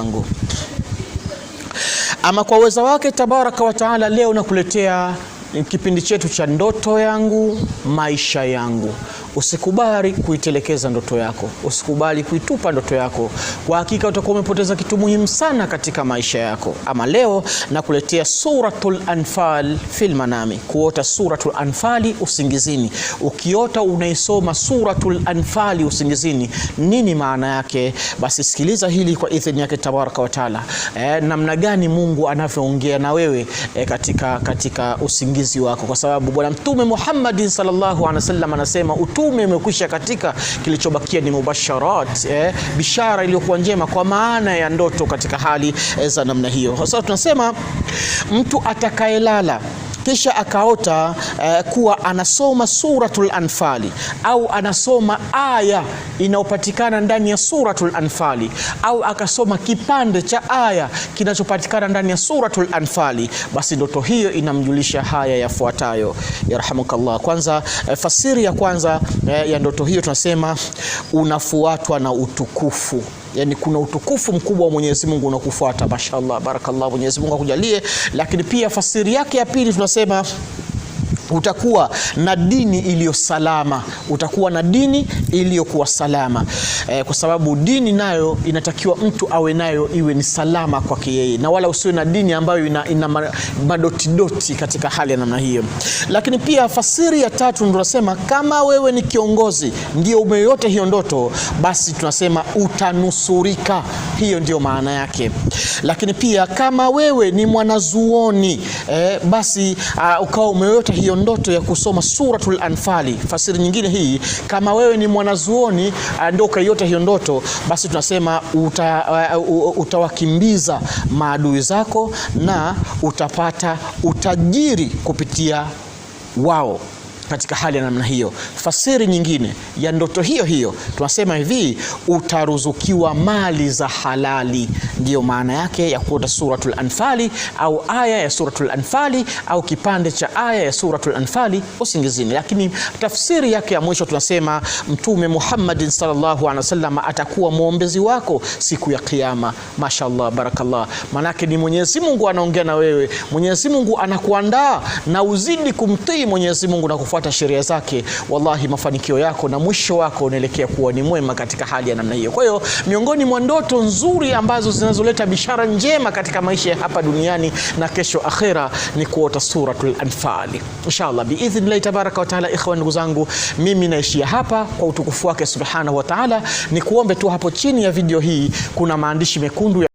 wangu. Ama kwa uweza wake tabaraka wa taala, leo nakuletea kipindi chetu cha ndoto yangu maisha yangu. Usikubali kuitelekeza ndoto yako, usikubali kuitupa ndoto yako. Kwa hakika utakuwa umepoteza kitu muhimu sana katika maisha yako. Ama leo nakuletea Suratul Anfal fil manami, kuota Suratul Anfali usingizini. Ukiota unaisoma Suratul Anfali usingizini, nini maana yake? Basi sikiliza hili kwa idhini yake tabaraka wa taala, e, namna gani Mungu anavyoongea na wewe e, katika, katika usingizini usingizi wako, kwa sababu Bwana Mtume Muhammad sallallahu alaihi wasallam anasema utume umekwisha, katika kilichobakia ni mubasharat, eh, bishara iliyokuwa njema kwa maana ya ndoto katika hali eh, za namna hiyo. sababu tunasema mtu atakayelala kisha akaota uh, kuwa anasoma Suratul Anfali au anasoma aya inayopatikana ndani ya Suratul Anfali au akasoma kipande cha aya kinachopatikana ndani ya Suratul Anfali, basi ndoto hiyo inamjulisha haya yafuatayo. Yarhamukallah. Kwanza uh, fasiri ya kwanza uh, ya ndoto hiyo tunasema unafuatwa na utukufu Yani, kuna utukufu mkubwa wa Mwenyezi Mungu unakufuata. Mashallah, barakallah, Mwenyezi Mungu akujalie. Lakini pia fasiri yake ya pili tuna você, Bafo? utakuwa na dini iliyo salama, utakuwa na dini iliyokuwa salama e, kwa sababu dini nayo inatakiwa mtu awe nayo iwe ni salama kwake yeye, na wala usiwe na dini ambayo ina, ina madotidoti katika hali ya namna hiyo. Lakini pia fasiri ya tatu tunasema kama wewe ni kiongozi, ndio umeyote hiyo ndoto, basi tunasema utanusurika. Hiyo ndio maana yake. Lakini pia kama wewe ni mwanazuoni e, basi uh, ukawa umeyote hiyo ndoto ya kusoma Suratul Anfali, fasiri nyingine hii. Kama wewe ni mwanazuoni ah, ndio ukaiota hiyo ndoto, basi tunasema uta, uh, utawakimbiza maadui zako na utapata utajiri kupitia wao katika hali ya namna hiyo. Fasiri nyingine ya ndoto hiyo hiyo tunasema hivi, utaruzukiwa mali za halali. Ndiyo maana yake ya kuota Suratul Anfali au aya ya Suratul Anfali au kipande cha aya ya Suratul Anfali usingizini. Lakini tafsiri yake ya mwisho tunasema Mtume Muhammadin sallallahu alaihi wasallam atakuwa mwombezi wako siku ya Kiyama. Mashallah, barakallah. manake ni Mwenyezi Mungu anaongea na wewe, Mwenyezi Mungu anakuandaa na uzidi kumtii Mwenyezi Mungu na kufuata kufuata sheria zake, wallahi mafanikio yako na mwisho wako unaelekea kuwa ni mwema katika hali ya namna hiyo. Kwa hiyo miongoni mwa ndoto nzuri ambazo zinazoleta bishara njema katika maisha ya hapa duniani na kesho akhera ni kuota Suratul anfal inshallah biidhnillahi tabaraka wa taala. Ikhwan, ndugu zangu, mimi naishia hapa kwa utukufu wake subhanahu wa taala. Ni kuombe tu hapo chini ya video hii kuna maandishi mekundu ya